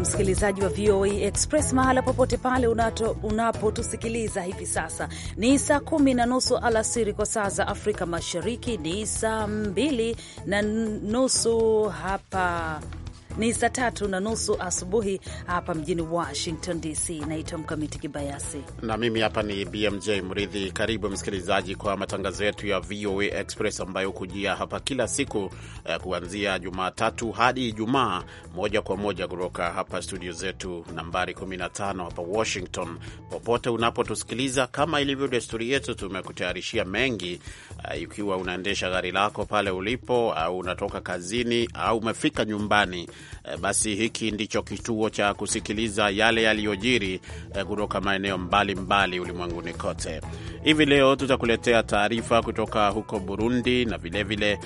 msikilizaji wa VOA Express mahala popote pale unapotusikiliza hivi sasa. Ni saa kumi na nusu alasiri kwa saa za Afrika Mashariki, ni saa mbili na nusu hapa ni saa tatu na nusu asubuhi hapa mjini Washington DC. Naitwa Mkamiti Kibayasi na mimi hapa ni BMJ Mridhi. Karibu msikilizaji kwa matangazo yetu ya VOA Express ambayo hukujia hapa kila siku eh, kuanzia Jumatatu hadi Ijumaa, moja kwa moja kutoka hapa studio zetu nambari 15 hapa Washington. Popote unapotusikiliza, kama ilivyo desturi yetu, tumekutayarishia mengi eh, ikiwa unaendesha gari lako pale ulipo au unatoka kazini au umefika nyumbani Eh, basi hiki ndicho kituo cha kusikiliza yale yaliyojiri eh, kutoka maeneo mbalimbali ulimwenguni kote. Hivi leo tutakuletea taarifa kutoka huko Burundi na vilevile vile,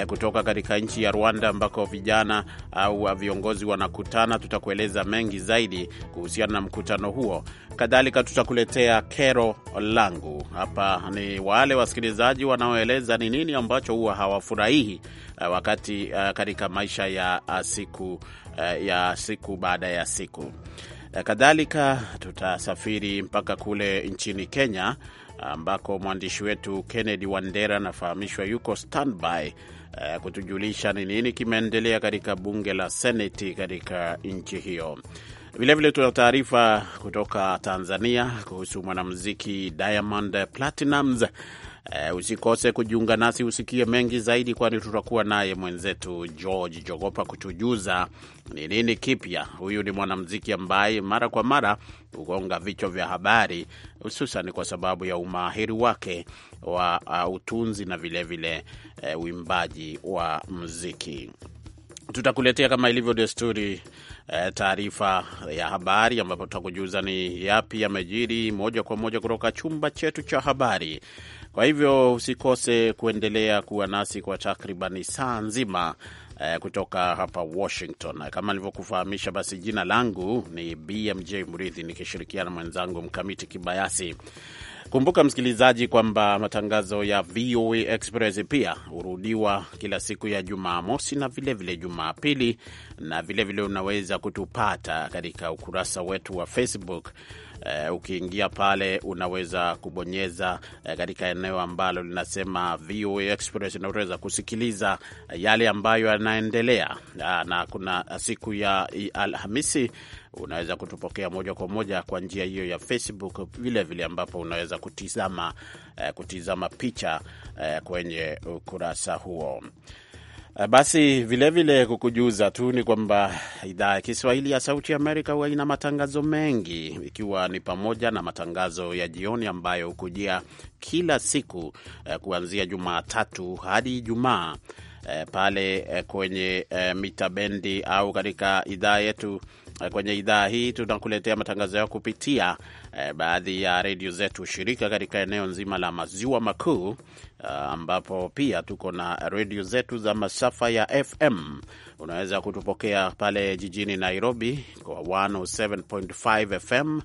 eh, kutoka katika nchi ya Rwanda ambako vijana au viongozi wanakutana. Tutakueleza mengi zaidi kuhusiana na mkutano huo. Kadhalika tutakuletea kero langu. Hapa ni wale wasikilizaji wanaoeleza ni nini ambacho huwa hawafurahihi wakati katika maisha ya siku siku eh, ya siku baada ya siku. Eh, kadhalika tutasafiri mpaka kule nchini Kenya ambako mwandishi wetu Kennedy Wandera anafahamishwa yuko standby uh, kutujulisha ni nini kimeendelea katika bunge la seneti katika nchi hiyo. Vilevile tuna taarifa kutoka Tanzania kuhusu mwanamuziki Diamond Platinumz Uh, usikose kujiunga nasi usikie mengi zaidi, kwani tutakuwa naye mwenzetu George Jogopa kutujuza ni nini kipya. Huyu ni mwanamuziki ambaye mara kwa mara hugonga vichwa vya habari, hususan kwa sababu ya umahiri wake wa uh, utunzi na vilevile eh, uimbaji vile, uh, wa muziki. Tutakuletea kama ilivyo desturi eh, taarifa ya habari ambapo tutakujuza ni yapi yamejiri moja kwa moja kutoka chumba chetu cha habari. Kwa hivyo usikose kuendelea kuwa nasi kwa takribani saa nzima eh, kutoka hapa Washington. Kama nilivyokufahamisha, basi jina langu ni BMJ Murithi nikishirikiana mwenzangu Mkamiti Kibayasi Kumbuka msikilizaji, kwamba matangazo ya VOA Express pia hurudiwa kila siku ya Jumamosi na vilevile Jumapili, na vilevile vile unaweza kutupata katika ukurasa wetu wa Facebook. Uh, ukiingia pale unaweza kubonyeza uh, katika eneo ambalo linasema VOA Express na utaweza kusikiliza eh, yale ambayo yanaendelea, uh, na kuna siku ya Alhamisi unaweza kutupokea moja kwa moja kwa njia hiyo ya Facebook vilevile vile, ambapo unaweza kutizama, eh, kutizama picha eh, kwenye ukurasa huo. Eh, basi vilevile kukujuza tu ni kwamba idhaa ya Kiswahili ya Sauti Amerika huwa ina matangazo mengi, ikiwa ni pamoja na matangazo ya jioni ambayo hukujia kila siku eh, kuanzia Jumatatu hadi Ijumaa eh, pale eh, kwenye eh, mita bendi au katika idhaa yetu Eh, kwenye idhaa hii tunakuletea matangazo yao kupitia eh, baadhi ya redio zetu shirika katika eneo nzima la maziwa makuu, eh, ambapo pia tuko na redio zetu za masafa ya FM. Unaweza kutupokea pale jijini Nairobi kwa 107.5 FM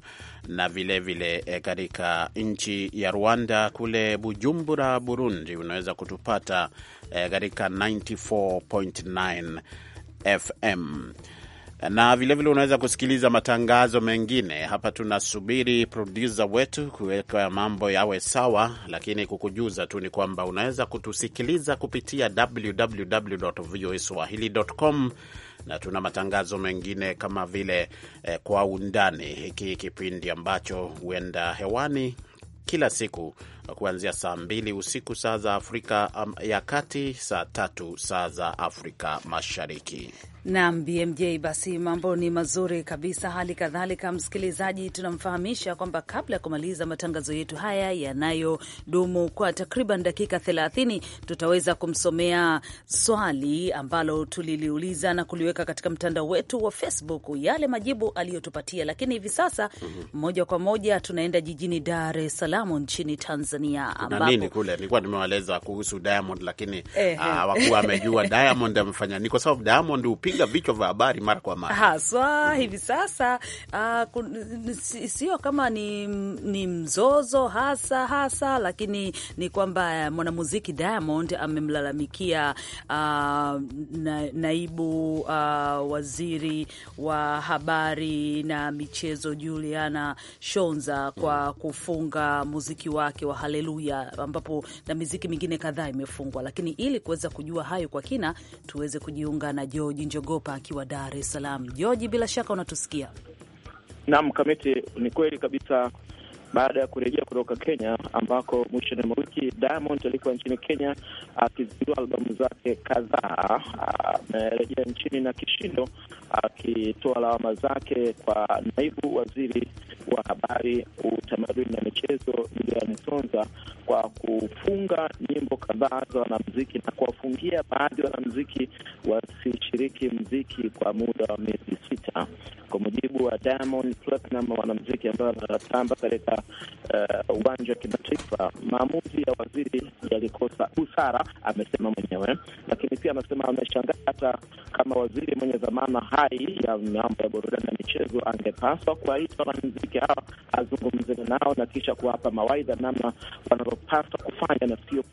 na vilevile vile, eh, katika nchi ya Rwanda kule Bujumbura, Burundi unaweza kutupata katika 94.9 FM na vilevile vile unaweza kusikiliza matangazo mengine hapa. Tunasubiri produsa wetu kuweka mambo yawe sawa, lakini kukujuza tu ni kwamba unaweza kutusikiliza kupitia www www.voaswahili.com na tuna matangazo mengine kama vile eh, kwa undani, hiki kipindi ambacho huenda hewani kila siku kuanzia saa mbili usiku saa za Afrika um, ya Kati, saa tatu saa za Afrika Mashariki. Naam, BMJ, basi mambo ni mazuri kabisa. Hali kadhalika, msikilizaji, tunamfahamisha kwamba kabla ya kumaliza matangazo yetu haya yanayodumu kwa takriban dakika 30 tutaweza kumsomea swali ambalo tuliliuliza na kuliweka katika mtandao wetu wa Facebook, yale majibu aliyotupatia. Lakini hivi sasa mm -hmm. moja kwa moja tunaenda jijini Dar es Salaam nchini Tanzania Tanzania ambapo nini kule nilikuwa nimewaeleza kuhusu Diamond, lakini ah, hawakuwa wamejua Diamond amefanya ni kwa sababu Diamond hupiga vichwa vya habari mara kwa mara haswa mm. hivi sasa uh, sio kama ni, ni mzozo hasa hasa, lakini ni kwamba mwanamuziki Diamond amemlalamikia uh, na, naibu uh, waziri wa habari na michezo Juliana Shonza kwa mhm. kufunga muziki wake wa Haleluya, ambapo na miziki mingine kadhaa imefungwa. Lakini ili kuweza kujua hayo kwa kina, tuweze kujiunga na George Njogopa akiwa Dar es Salaam. George, bila shaka unatusikia? Naam, Kamiti, ni kweli kabisa baada ya kurejea kutoka Kenya ambako mwishoni mwa wiki Diamond alikuwa nchini Kenya akizindua albamu zake kadhaa. Amerejea nchini na kishindo, akitoa lawama zake kwa naibu waziri wa habari, utamaduni na michezo Julian Sonza kwa kufunga nyimbo kadhaa za wanamziki na kuwafungia baadhi ya wanamziki wasishiriki mziki kwa muda wa miezi sita, kwa mujibu wa Diamond wanamziki ambayo anatamba katika Uh, uwanja uh, wa kimataifa, maamuzi ya waziri yalikosa busara, amesema mwenyewe. Lakini pia amesema ameshangaa hata kama waziri mwenye dhamana hai ya mambo ya burudani na michezo angepaswa kuwaita wanamziki hawa azungumze nao na kisha kuwapa mawaidha namna wanavyopaswa kufanya na sio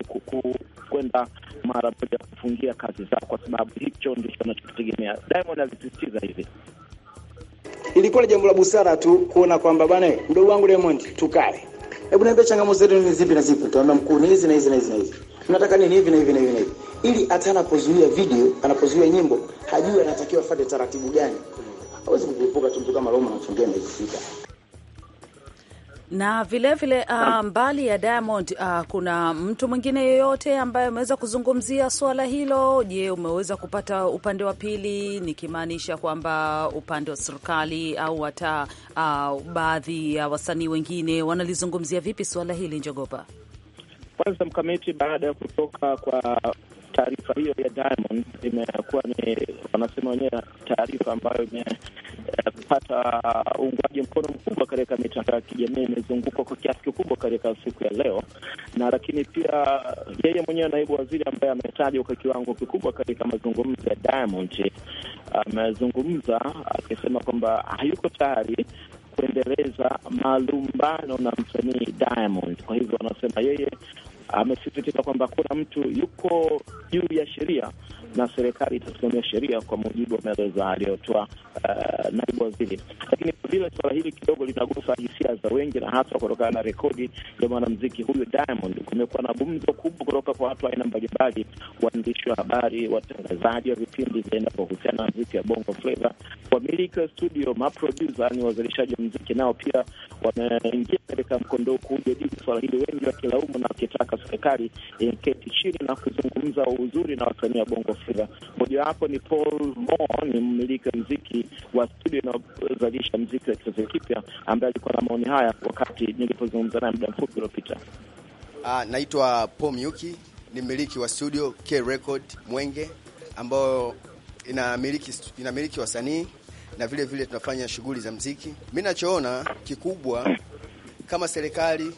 kwenda mara moja kufungia kazi zao, kwa sababu hicho ndicho anachokitegemea. Diamond alisisitiza hivi ilikuwa jambo la busara tu kuona kwamba bwana, mdogo wangu Diamond, tukae, hebu niambie changamoto zetu ni zipi na zipi? Tunaona mkuu ni hizi na hizi na hizi na hizi, tunataka nini hivi na hivi na hivi na hivi, ili hata anapozuia video, anapozuia nyimbo, hajui anatakiwa afuate taratibu gani. Hawezi kukupoka tu mtu kama Roma anachongea na na vilevile vile, uh, mbali ya Diamond uh, kuna mtu mwingine yeyote ambaye ameweza kuzungumzia suala hilo? Je, umeweza kupata upande wa pili, nikimaanisha kwamba upande wa serikali au hata uh, baadhi ya uh, wasanii wengine wanalizungumzia vipi suala hili, Njogopa? Kwanza mkamiti, baada ya kutoka kwa taarifa hiyo ya Diamond imekuwa ni wanasema wenyewe taarifa ambayo imepata eh, uh, uungwaji mkono mkubwa katika mitandao ya kijamii, imezungukwa kwa kiasi kikubwa katika siku ya leo, na lakini pia yeye mwenyewe naibu waziri ambaye ametajwa kwa kiwango kikubwa katika mazungumzo ya Diamond amezungumza uh, akisema kwamba hayuko tayari kuendeleza malumbano na msanii Diamond. Kwa hivyo wanasema yeye amesisitiza kwamba kuna mtu yuko juu ya sheria na serikali itasimamia sheria kwa mujibu wa maelezo aliyotoa uh, naibu waziri. Lakini kwa vile suala hili kidogo linagusa hisia za wengi na hasa kutokana na rekodi ya mwanamziki huyu Diamond, kumekuwa na gumzo kubwa kutoka kwa watu aina mbalimbali, waandishi wa habari, watangazaji wa vipindi vinavyohusiana na mziki ya bongo flava, wamiliki wa studio, maprodusa, ni wazalishaji wa mziki, nao pia wameingia katika mkondo kujadili suala hili, wengi wakilaumu na wakitaka serikali iketi chini na kuzungumza uzuri na wasanii wa bongo Afrika. Mojawapo ni Paul Mo, ni mmiliki wa mziki wa studio inayozalisha mziki wa kizazi kipya, ambaye alikuwa na maoni haya wakati nilipozungumza naye muda mfupi uliopita. Uh, naitwa Paul Myuki, ni mmiliki wa studio K Record Mwenge ambayo inamiliki inamiliki wasanii na vile vile tunafanya shughuli za mziki. mi nachoona kikubwa kama serikali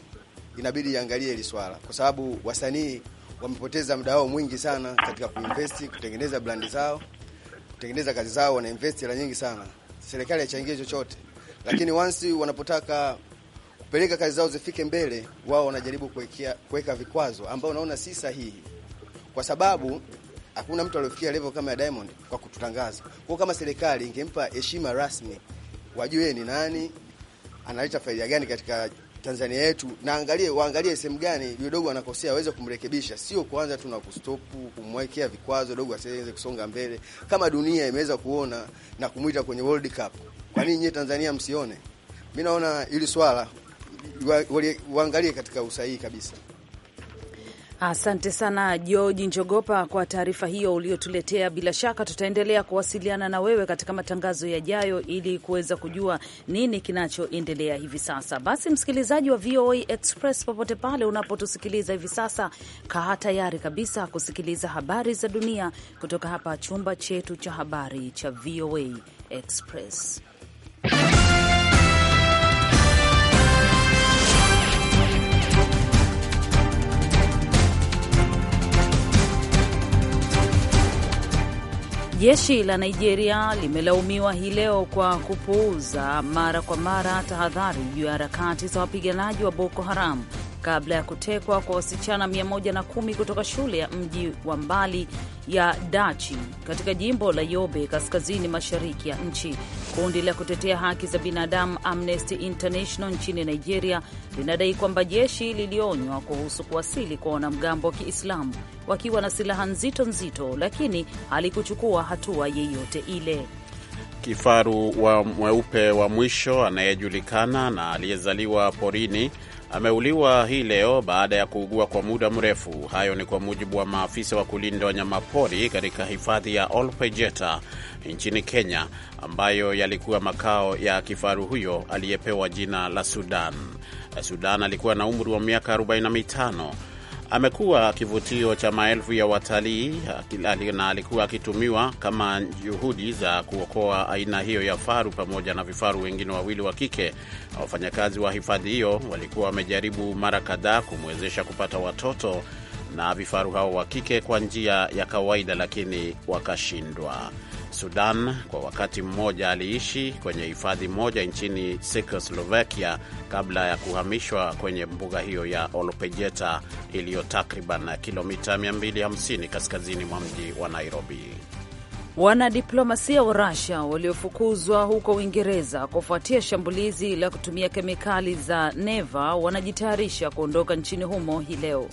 inabidi iangalie hili swala, kwa sababu wasanii wamepoteza muda wao mwingi sana katika kuinvest, kutengeneza brandi zao, kutengeneza kazi zao, invest hela nyingi sana, serikali haichangie chochote, lakini once wanapotaka kupeleka kazi zao zifike mbele, wao wanajaribu kuweka vikwazo ambao naona si sahihi, kwa sababu hakuna mtu aliofikia level kama ya Diamond kwa kututangaza. Kwa kama serikali ingempa heshima rasmi, wajue ni nani analeta faida gani katika Tanzania yetu na angalie, waangalie sehemu gani dogo anakosea aweze kumrekebisha, sio kwanza tu na kustopu kumwekea vikwazo dogo asiweze kusonga mbele. Kama dunia imeweza kuona na kumwita kwenye World Cup, kwa nini nyie Tanzania msione? Mi naona hili swala waangalie katika usahihi kabisa. Asante sana George Njogopa kwa taarifa hiyo uliotuletea. Bila shaka tutaendelea kuwasiliana na wewe katika matangazo yajayo ili kuweza kujua nini kinachoendelea hivi sasa. Basi msikilizaji wa VOA Express, popote pale unapotusikiliza hivi sasa, kaa tayari kabisa kusikiliza habari za dunia kutoka hapa chumba chetu cha habari cha VOA Express. Jeshi la Nigeria limelaumiwa hii leo kwa kupuuza mara kwa mara tahadhari juu ya harakati za wapiganaji wa Boko Haram kabla ya kutekwa kwa wasichana 110 kutoka shule ya mji wa mbali ya Dachi katika jimbo la Yobe kaskazini mashariki ya nchi. Kundi la kutetea haki za binadamu Amnesty International nchini Nigeria linadai kwamba jeshi lilionywa kuhusu kuwasili kwa wanamgambo wa Kiislamu wakiwa na silaha nzito nzito, lakini halikuchukua hatua yeyote ile. Kifaru wa mweupe wa mwisho anayejulikana na aliyezaliwa porini ameuliwa hii leo baada ya kuugua kwa muda mrefu. Hayo ni kwa mujibu wa maafisa wa kulinda wanyamapori katika hifadhi ya Olpejeta nchini Kenya, ambayo yalikuwa makao ya kifaru huyo aliyepewa jina la Sudan. Sudan alikuwa na umri wa miaka 45 amekuwa kivutio cha maelfu ya watalii na alikuwa akitumiwa kama juhudi za kuokoa aina hiyo ya faru pamoja na vifaru wengine wawili wa kike. Na wafanyakazi wa hifadhi hiyo walikuwa wamejaribu mara kadhaa kumwezesha kupata watoto na vifaru hao wa kike kwa njia ya kawaida, lakini wakashindwa. Sudan. Kwa wakati mmoja aliishi kwenye hifadhi moja nchini Czechoslovakia kabla ya kuhamishwa kwenye mbuga hiyo ya Olopejeta iliyo takriban kilomita 250 kaskazini mwa mji wa Nairobi. Wanadiplomasia wa rusia waliofukuzwa huko Uingereza kufuatia shambulizi la kutumia kemikali za neva wanajitayarisha kuondoka nchini humo hii leo.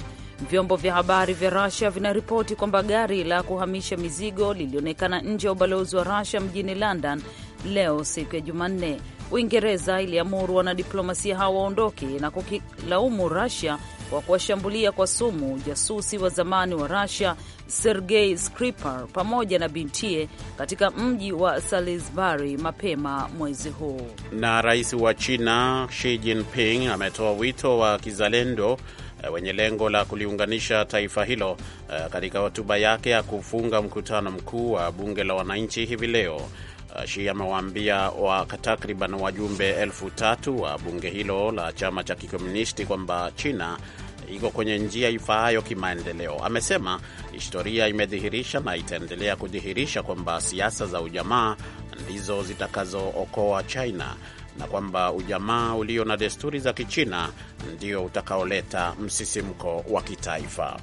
Vyombo vya habari vya rusia vinaripoti kwamba gari la kuhamisha mizigo lilionekana nje ya ubalozi wa rasia mjini London leo siku ya Jumanne. Uingereza iliamuru wanadiplomasia hao waondoke na kukilaumu rasia kwa kuwashambulia kwa sumu jasusi wa zamani wa rasia Sergei Skripal pamoja na bintie katika mji wa Salisbury mapema mwezi huu. Na rais wa China Xi Jinping ametoa wito wa kizalendo Eh, wenye lengo la kuliunganisha taifa hilo. Eh, katika hotuba yake ya kufunga mkutano mkuu wa bunge la wananchi hivi leo, eh, Shi amewaambia wa takriban wajumbe elfu tatu wa bunge hilo la chama cha kikomunisti kwamba China iko kwenye njia ifaayo kimaendeleo. Amesema historia imedhihirisha na itaendelea kudhihirisha kwamba siasa za ujamaa ndizo zitakazookoa China na kwamba ujamaa ulio na desturi za Kichina ndio utakaoleta msisimko wa kitaifa.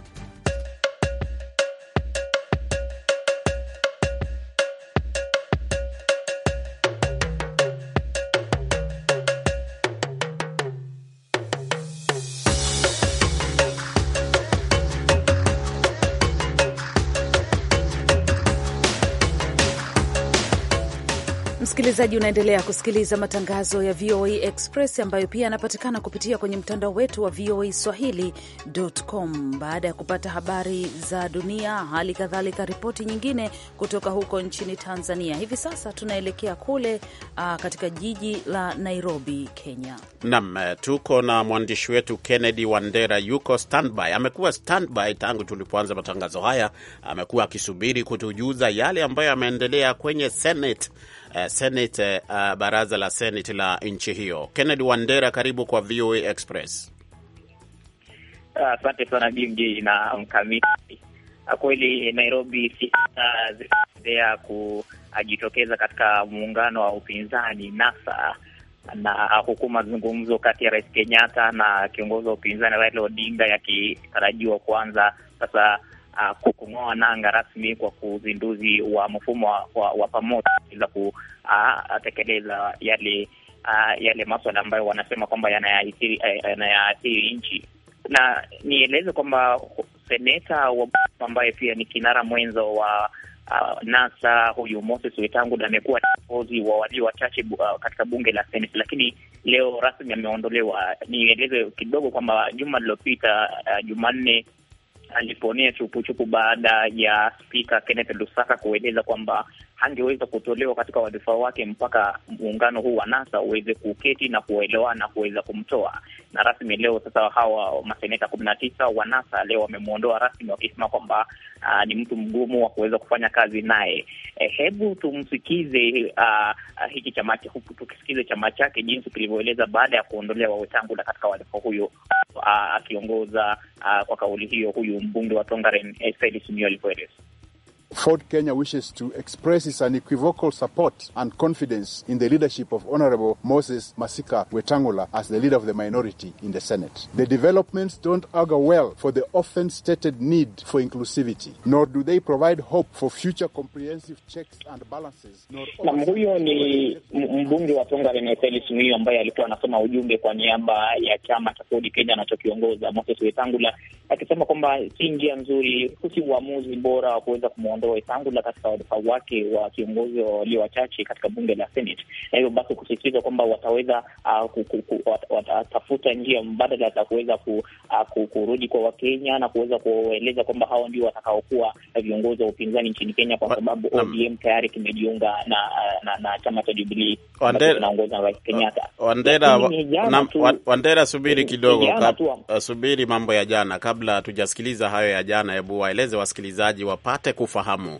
Msikilizaji, unaendelea kusikiliza matangazo ya VOA Express ambayo pia yanapatikana kupitia kwenye mtandao wetu wa VOA Swahili.com. Baada ya kupata habari za dunia, hali kadhalika ripoti nyingine kutoka huko nchini Tanzania, hivi sasa tunaelekea kule uh, katika jiji la Nairobi, Kenya. nam eh, tuko na mwandishi wetu Kennedy Wandera, yuko standby, amekuwa standby tangu tulipoanza matangazo haya, amekuwa akisubiri kutujuza yale ambayo yameendelea kwenye Senate uh, Senate, uh, baraza la Senate la nchi hiyo. Kennedy Wandera, karibu kwa VOA Express. Asante uh, sana BMJ na mkamiti. Kweli Nairobi siasa zinaendelea kujitokeza katika muungano wa upinzani NASA na huku mazungumzo kati ya Rais Kenyatta na kiongozi wa upinzani Raila Odinga yakitarajiwa kuanza sasa uh, kukung'oa nanga rasmi kwa uzinduzi wa mfumo wa, wa, wa pamoja za kutekeleza uh, yale uh, yale maswala ambayo wanasema kwamba yanayaathiri uh, eh, nchi na nieleze kwamba seneta wa ambaye pia ni kinara mwenzo wa uh, NASA huyu Moses Wetangula amekuwa kiongozi wa walio wachache uh, katika bunge la Seneti, lakini leo rasmi ameondolewa. Nieleze kidogo kwamba juma lililopita uh, Jumanne aliponea chupuchupu baada ya spika Kenneth Lusaka kueleza kwamba hangeweza kutolewa katika wadhifa wake mpaka muungano huu wa NASA uweze kuketi na kuelewana kuweza kumtoa. Na rasmi leo sasa hawa maseneta kumi na tisa wa NASA leo wamemwondoa rasmi, wakisema kwamba uh, ni mtu mgumu wa kuweza kufanya kazi naye. Eh, hebu tumsikize uh, hiki chama, tukisikize chama chake jinsi kilivyoeleza baada ya kuondolewa Wetangula katika wadhifa huyo akiongoza uh, uh, kwa kauli hiyo huyu mbunge wa Tongaren eh, Felix Nyoli alivyoeleza. Ford Kenya wishes to express its unequivocal support and confidence in the leadership of Honorable Moses Masika Wetangula as the leader of the minority in the Senate. The developments don't augur well for the often stated need for inclusivity, nor do they provide hope for future comprehensive checks and balances. Nam, huyo ni mbunge wa Tonga Leneteli Simiyu ambaye alikuwa anasoma ujumbe kwa niaba ya chama cha Ford Kenya anachokiongoza Moses Wetangula akisema kwamba si njia nzuri, si uamuzi bora wa kuweza kumwondoa hilo tangu katika wadhifa wake wa kiongozi wa walio wachache katika bunge la Senate, na hivyo basi kusisitiza kwamba wataweza ah, watatafuta njia mbadala za kuweza ah, kurudi kwa Wakenya na kuweza kuwaeleza kwamba hawa ndio watakaokuwa viongozi wa upinzani nchini Kenya, kwa sababu ODM tayari kimejiunga na ah, chama cha Jubilii Rais Kenyatta. Wandera, subiri kidogo, eh, subiri mambo ya jana, kabla hatujasikiliza hayo ya jana. Hebu waeleze wasikilizaji wapate kufahamu Kiislamu.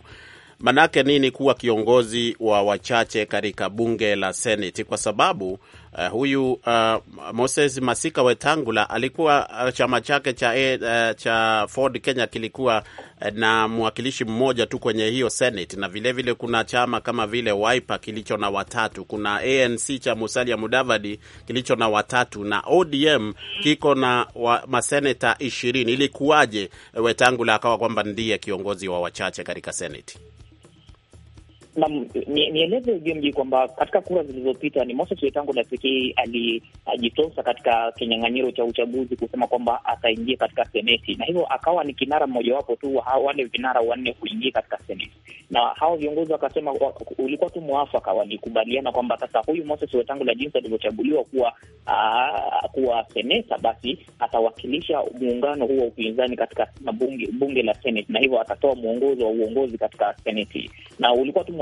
Manake nini kuwa kiongozi wa wachache katika bunge la Seneti? Kwa sababu Uh, huyu uh, Moses Masika Wetangula alikuwa uh, chama chake cha, uh, cha Ford Kenya kilikuwa uh, na mwakilishi mmoja tu kwenye hiyo Senate, na vilevile vile kuna chama kama vile Wiper kilicho na watatu, kuna ANC cha Musalia Mudavadi kilicho na watatu na ODM kiko na wa, maseneta ishirini. Ilikuwaje Wetangula akawa kwamba ndiye kiongozi wa wachache katika Senate? Nieleze Jemji kwamba katika kura zilizopita ni Moses Wetangula na pekee alijitosa katika kinyang'anyiro cha uchaguzi kusema kwamba ataingia katika seneti, na hivyo akawa ni kinara mmojawapo tu wa wale vinara wanne kuingia katika seneti, na hawa viongozi wakasema ulikuwa tu mwafaka, walikubaliana kwamba sasa huyu Moses Wetangula jinsi alivyochaguliwa kuwa Uh, kuwa seneta, basi atawakilisha muungano huo wa upinzani katika bunge, bunge la Seneti, na hivyo atatoa mwongozo wa uongozi katika Seneti. Na ulikuwa tu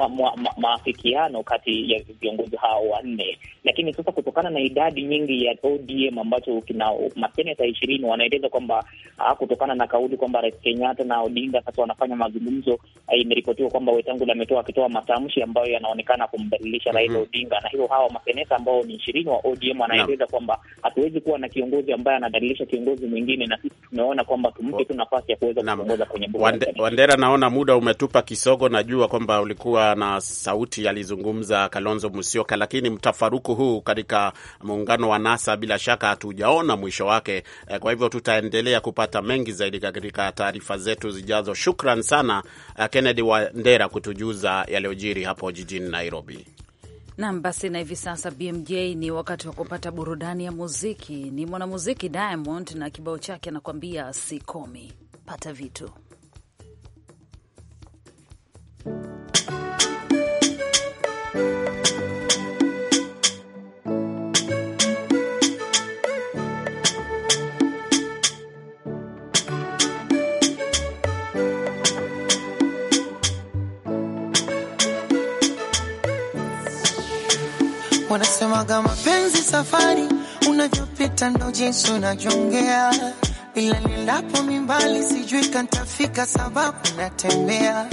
maafikiano kati ya viongozi hao wanne, lakini sasa kutokana na idadi nyingi ya ODM ambacho kina maseneta ishirini, wanaeleza kwamba uh, kutokana na kauli kwamba Rais Kenyatta na Odinga sasa wanafanya mazungumzo, uh, imeripotiwa kwamba Wetangula ametoa akitoa matamshi ambayo yanaonekana kumbadilisha Raila mhm. Odinga, na hivyo hawa maseneta ambao ni ishirini wa ODM wanaeleza kueleza kwamba hatuwezi kuwa na kiongozi ambaye anadalilisha kiongozi mwingine, na sisi tumeona kwamba tumpe tu nafasi ya kuweza kuongoza kwenye bunge. Wande, Wandera, naona muda umetupa kisogo. Najua kwamba ulikuwa na sauti, alizungumza Kalonzo Musyoka, lakini mtafaruku huu katika muungano wa NASA bila shaka hatujaona mwisho wake. Eh, kwa hivyo tutaendelea kupata mengi zaidi katika taarifa zetu zijazo. Shukran sana eh, Kennedy Wandera kutujuza yaliyojiri hapo jijini Nairobi. Nam basi, na hivi sasa BMJ ni wakati wa kupata burudani ya muziki. Ni mwanamuziki Diamond na kibao chake anakuambia sikomi, pata vitu Wanasemaga mapenzi safari, unavyopita ndo jinsi unajongea, ila nilapo mimbali sijui kantafika, sababu natembea.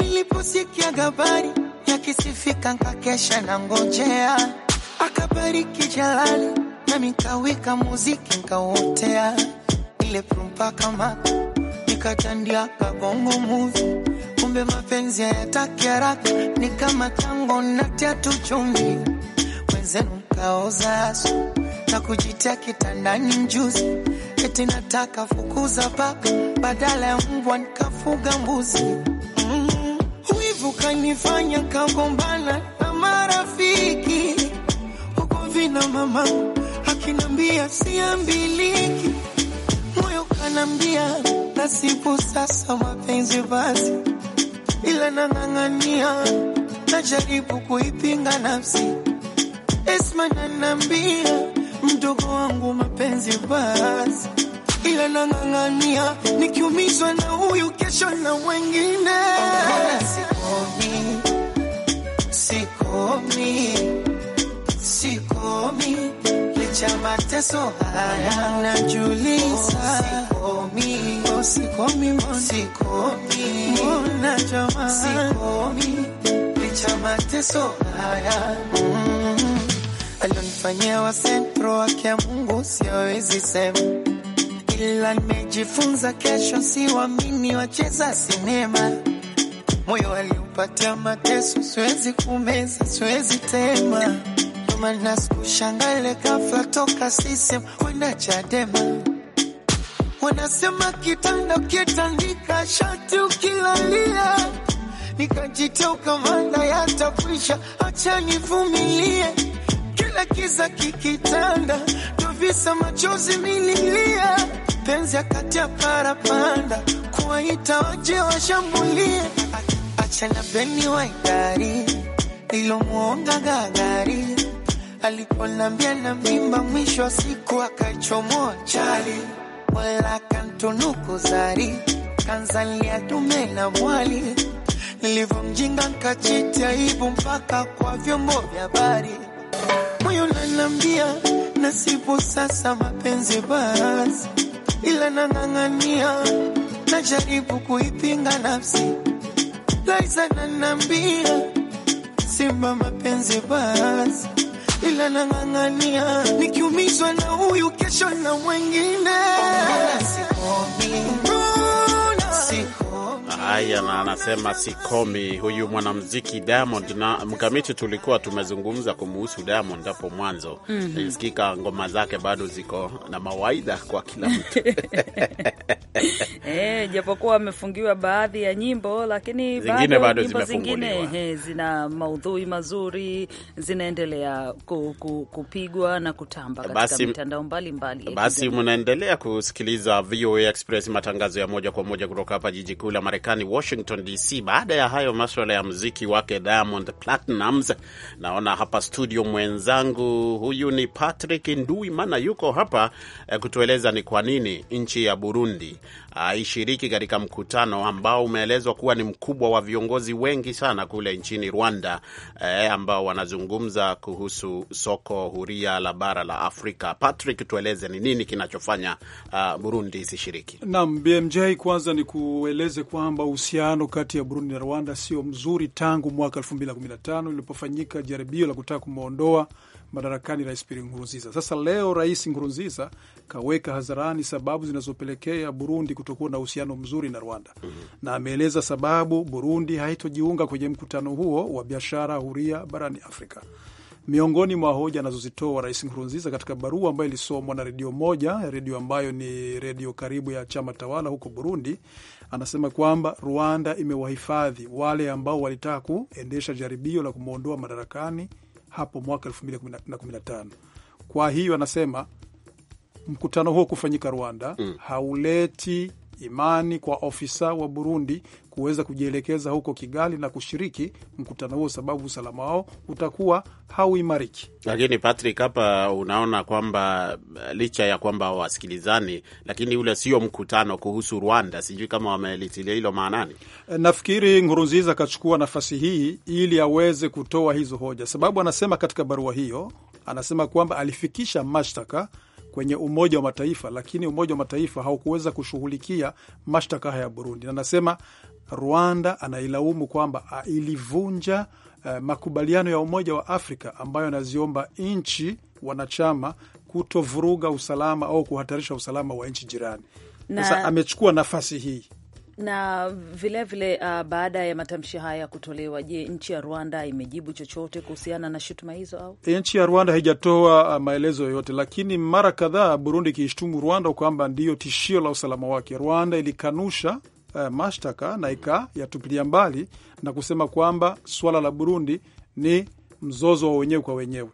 Niliposikia gabari yakisifika, nkakesha na ngojea, akabariki Jalali na mikawika muziki nkaotea, ile prumpaka maka nikatandia kabongo muvi, kumbe mapenzi hayataki haraka, ni kama tango na tu chumvi zenu kaoza na kujitia kitandani mjuzi, eti nataka fukuza paka badala ya mbwa nikafuga mbuzi. Mm, kanifanya kagombana na marafiki huko vina mama akinambia siambiliki, moyo kanambia nasibu sasa mapenzi basi, ila nang'ang'ania najaribu kuipinga nafsi Esma nanambia mdogo wangu mapenzi basi, ila nang'ang'ania nikiumizwa na huyu kesho na wengine sikomi, sikomi, sikomi licha mateso haya najuliza oh, sikomi, sikomi, oh, sikomi, mbona jamaa, sikomi licha mateso haya mm-hmm alionifanyia wa sentro wake ya Mungu siwezi sema, ila nimejifunza kesho siwamini wacheza sinema. Moyo aliupatia mateso, siwezi kumeza, siwezi tema. Kama nasikushangale ghafla toka sisem kwenda Chadema, wanasema kitanda kitandika shati ukilalia nikajitoka manda yatakwisha, acha nivumilie kila kiza kikitanda, tuvisa machozi nililia, penzi akati ya parapanda, kuwaita waje washambulie, acha labeni waigari ilomwonga gagari, aliponambia na mimba, mwisho wa siku akaichomoa chali, wala kantunuku zari kanzalia dume na mwali, nilivyomjinga nkachiti aibu mpaka kwa vyombo vya habari moyo nanambia nasipo sasa mapenzi basi, ila nang'ang'ania, najaribu kuipinga nafsi. Laiza nanambia, simba mapenzi basi, ila nang'ang'ania, nikiumizwa na huyu, kesho na mwengine. Haya, na anasema sikomi huyu mwanamuziki Diamond. Na mkamiti, tulikuwa tumezungumza kumuhusu Diamond hapo mwanzo mm -hmm. Sikika ngoma zake bado ziko na mawaidha kwa kila mtu eh, japokuwa amefungiwa baadhi ya nyimbo, lakini zingine bado nyimbo zingine he, eh, zina maudhui mazuri, zinaendelea ku, ku, kupigwa na kutamba katika mitandao mbalimbali. Basi mnaendelea kusikiliza VOA Express, matangazo ya moja kwa moja kutoka hapa jiji kuu la Marekani, Washington DC. Baada ya hayo maswala ya muziki wake Diamond Platnumz, naona hapa studio mwenzangu huyu ni Patrick Nduimana, yuko hapa eh, kutueleza ni kwa nini nchi ya Burundi aishiriki katika mkutano ambao umeelezwa kuwa ni mkubwa wa viongozi wengi sana kule nchini Rwanda eh, ambao wanazungumza kuhusu soko huria la bara la Afrika. Patrick, tueleze ni nini kinachofanya uh, Burundi isishiriki? Naam, BMJ, kwanza ni kueleze kwamba uhusiano kati ya Burundi na Rwanda sio mzuri tangu mwaka 2015 ilipofanyika jaribio la kutaka kumwondoa madarakani Rais Pierre Nkurunziza. Sasa leo Rais Nkurunziza kaweka hadharani sababu zinazopelekea Burundi kutokuwa na uhusiano mzuri na Rwanda mm -hmm. na ameeleza sababu Burundi haitojiunga kwenye mkutano huo wa biashara huria barani Afrika. Miongoni mwa hoja anazozitoa Rais Nkurunziza katika barua ambayo ilisomwa na redio moja, redio ambayo ni redio karibu ya chama tawala huko Burundi, anasema kwamba Rwanda imewahifadhi wale ambao walitaka kuendesha jaribio la kumwondoa madarakani hapo mwaka 2015. Kwa hiyo anasema mkutano huo kufanyika Rwanda mm. hauleti imani kwa ofisa wa Burundi kuweza kujielekeza huko Kigali na kushiriki mkutano huo, sababu usalama wao utakuwa hauimariki. Lakini Patrick, hapa unaona kwamba licha ya kwamba wasikilizani, lakini ule sio mkutano kuhusu Rwanda. Sijui kama wamelitilia hilo maanani. Eh, nafikiri Nkurunziza akachukua nafasi hii ili aweze kutoa hizo hoja, sababu anasema katika barua hiyo, anasema kwamba alifikisha mashtaka kwenye Umoja wa Mataifa, lakini Umoja wa Mataifa haukuweza kushughulikia mashtaka haya ya Burundi, na anasema Rwanda anailaumu kwamba ah, ilivunja uh, makubaliano ya Umoja wa Afrika ambayo anaziomba nchi wanachama kutovuruga usalama au kuhatarisha usalama wa nchi jirani. Sasa na... amechukua nafasi hii na vilevile vile, uh, baada ya matamshi haya kutolewa, je, nchi ya Rwanda imejibu chochote kuhusiana na shutuma hizo au? E, nchi ya Rwanda haijatoa uh, maelezo yoyote, lakini mara kadhaa Burundi ikiishtumu Rwanda kwamba ndiyo tishio la usalama wake. Rwanda ilikanusha uh, mashtaka na ikayatupilia mbali na kusema kwamba suala la Burundi ni mzozo wa wenyewe kwa wenyewe.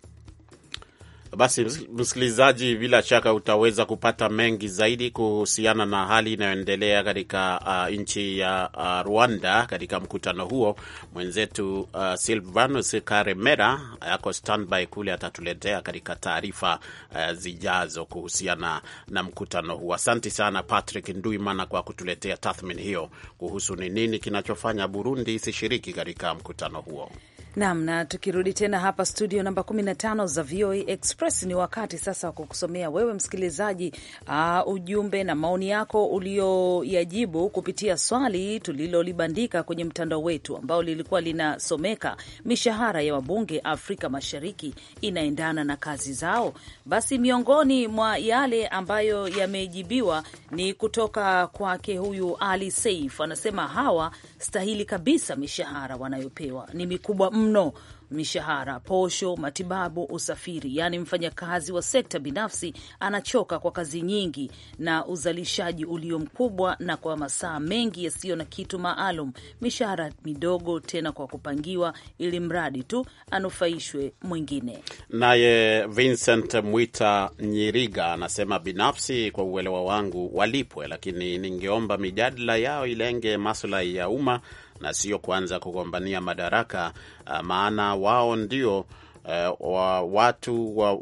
Basi msikilizaji, bila shaka utaweza kupata mengi zaidi kuhusiana na hali inayoendelea katika uh, nchi ya uh, Rwanda katika mkutano huo. Mwenzetu uh, Silvanus Karemera yako standby kule, atatuletea katika taarifa uh, zijazo kuhusiana na mkutano huo. Asante sana Patrick Nduimana kwa kutuletea tathmini hiyo kuhusu ni nini kinachofanya Burundi isishiriki katika mkutano huo. Nam, na tukirudi tena hapa studio namba 15 za VOA e Express, ni wakati sasa wa kukusomea wewe msikilizaji, uh, ujumbe na maoni yako ulioyajibu kupitia swali tulilolibandika kwenye mtandao wetu ambao lilikuwa linasomeka, mishahara ya wabunge Afrika Mashariki inaendana na kazi zao? Basi miongoni mwa yale ambayo yamejibiwa ni kutoka kwake huyu Ali Seif, anasema hawa stahili kabisa, mishahara wanayopewa ni mikubwa mno mno mishahara, posho, matibabu, usafiri. Yaani mfanyakazi wa sekta binafsi anachoka kwa kazi nyingi na uzalishaji ulio mkubwa na kwa masaa mengi yasiyo na kitu maalum, mishahara midogo, tena kwa kupangiwa, ili mradi tu anufaishwe mwingine. Naye Vincent Mwita Nyiriga anasema binafsi, kwa uelewa wangu, walipwe, lakini ningeomba mijadala yao ilenge maslahi ya umma na sio kuanza kugombania madaraka, eh, maana wao ndio uh, wa watu wa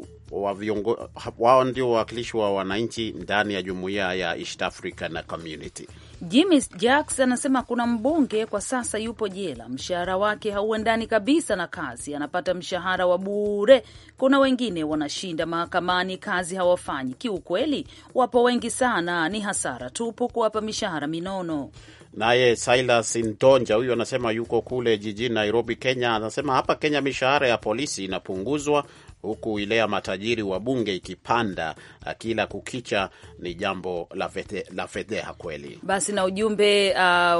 wao ndio wawakilishi wa wananchi ndani ya jumuiya ya East African Community. Jimmy Jacks anasema kuna mbunge kwa sasa yupo jela, mshahara wake hauendani kabisa na kazi, anapata mshahara wa bure. Kuna wengine wanashinda mahakamani, kazi hawafanyi. Kiukweli wapo wengi sana, ni hasara tupu kuwapa mishahara minono. Naye Silas Ntonja huyu anasema yuko kule jijini Nairobi, Kenya. Anasema hapa Kenya mishahara ya polisi inapunguzwa huku ile ya matajiri wa bunge ikipanda eh, kila kukicha, ni jambo la, la fedheha kweli. Basi na ujumbe uh,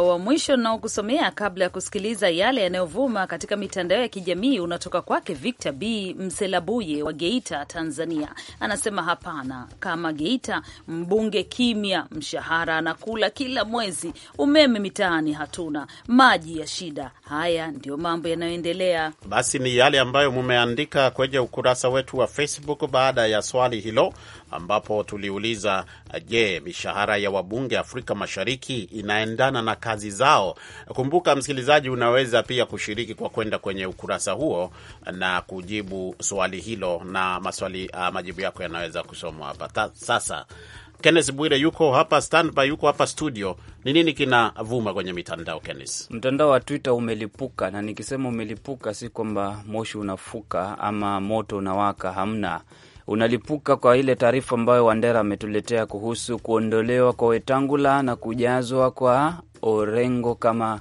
wa mwisho naokusomea kabla ya kusikiliza yale yanayovuma katika mitandao ya kijamii unatoka kwake Victor B Mselabuye wa Geita, Tanzania. Anasema hapana, kama Geita mbunge kimya, mshahara anakula kila mwezi, umeme mitaani hatuna, maji ya shida. Haya ndio mambo yanayoendelea. Basi ni yale ambayo mumeandika kwenye ukurasa ukurasa wetu wa Facebook baada ya swali hilo, ambapo tuliuliza je, mishahara ya wabunge Afrika Mashariki inaendana na kazi zao? Kumbuka msikilizaji, unaweza pia kushiriki kwa kwenda kwenye ukurasa huo na kujibu swali hilo, na maswali ah, majibu yako yanaweza kusomwa hapa sasa. Kenneth Bwire yuko hapa standby, yuko hapa studio. Ni nini kinavuma kwenye mitandao Kenneth? Mtandao wa Twitter umelipuka, na nikisema umelipuka si kwamba moshi unafuka ama moto unawaka, hamna unalipuka kwa ile taarifa ambayo Wandera ametuletea kuhusu kuondolewa kwa Wetangula na kujazwa kwa Orengo kama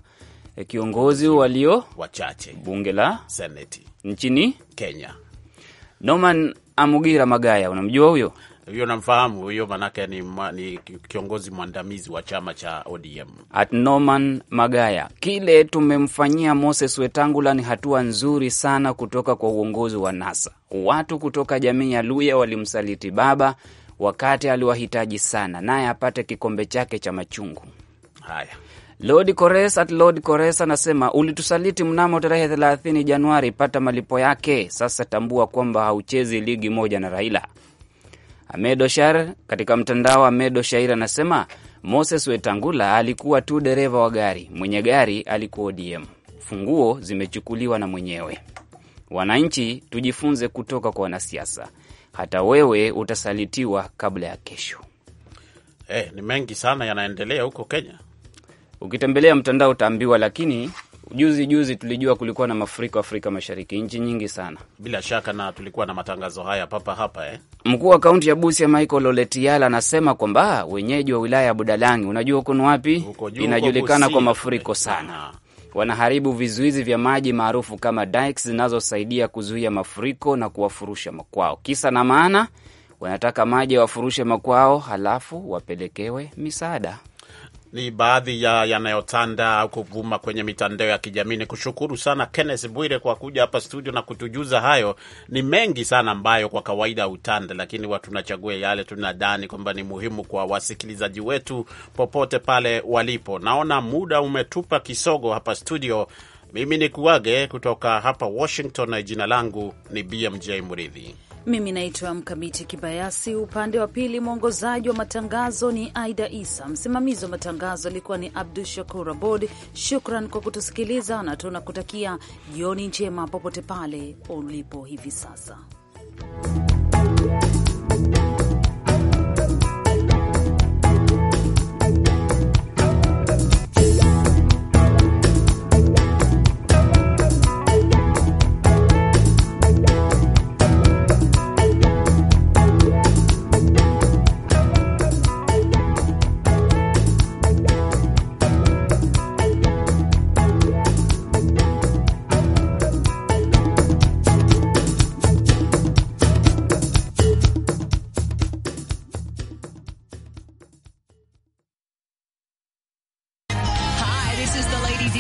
eh, kiongozi walio wachache bunge la seneti nchini Kenya. Norman Amugira Magaya, unamjua huyo? Hiyo namfahamu huyo, manake ni, ni kiongozi mwandamizi wa chama cha ODM. At Norman Magaya, kile tumemfanyia Moses Wetangula ni hatua nzuri sana kutoka kwa uongozi wa NASA. Watu kutoka jamii ya Luya walimsaliti baba wakati aliwahitaji sana, naye apate kikombe chake cha machungu. Haya, Lord Kores at Lord Kores anasema ulitusaliti mnamo tarehe 30 Januari, pata malipo yake. Sasa tambua kwamba hauchezi ligi moja na Raila. Ahmed katika mtandao wa Ahmed anasema Moses Wetangula alikuwa tu dereva wa gari, mwenye gari alikuwa ODM. Funguo zimechukuliwa na mwenyewe. Wananchi tujifunze kutoka kwa wanasiasa, hata wewe utasalitiwa kabla ya kesho. Eh, ni mengi sana yanaendelea huko Kenya. Ukitembelea mtandao utaambiwa, lakini Juzi juzi tulijua kulikuwa na mafuriko Afrika Mashariki, nchi nyingi sana. Bila shaka na tulikuwa na matangazo haya papa hapa eh. Mkuu wa kaunti ya Busia Michael Oletiala anasema kwamba wenyeji wa wilaya ya Budalangi, unajua huko ni wapi, inajulikana kwa mafuriko sana, wanaharibu vizuizi vya maji maarufu kama dikes zinazosaidia kuzuia mafuriko na kuwafurusha makwao. Kisa na maana, wanataka maji wafurushe makwao, halafu wapelekewe misaada ni baadhi ya yanayotanda au kuvuma kwenye mitandao ya kijamii. Ni kushukuru sana Kenneth Bwire kwa kuja hapa studio na kutujuza hayo. Ni mengi sana ambayo kwa kawaida hutanda, lakini watu tunachagua yale tunadhani kwamba ni muhimu kwa wasikilizaji wetu popote pale walipo. Naona muda umetupa kisogo hapa studio. Mimi ni kuwage kutoka hapa Washington, na jina langu ni BMJ Muridhi. Mimi naitwa Mkamiti Kibayasi. Upande wa pili, mwongozaji wa matangazo ni Aida Isa, msimamizi wa matangazo alikuwa ni Abdu Shakur Abod. Shukran kwa kutusikiliza na tunakutakia jioni njema popote pale ulipo hivi sasa.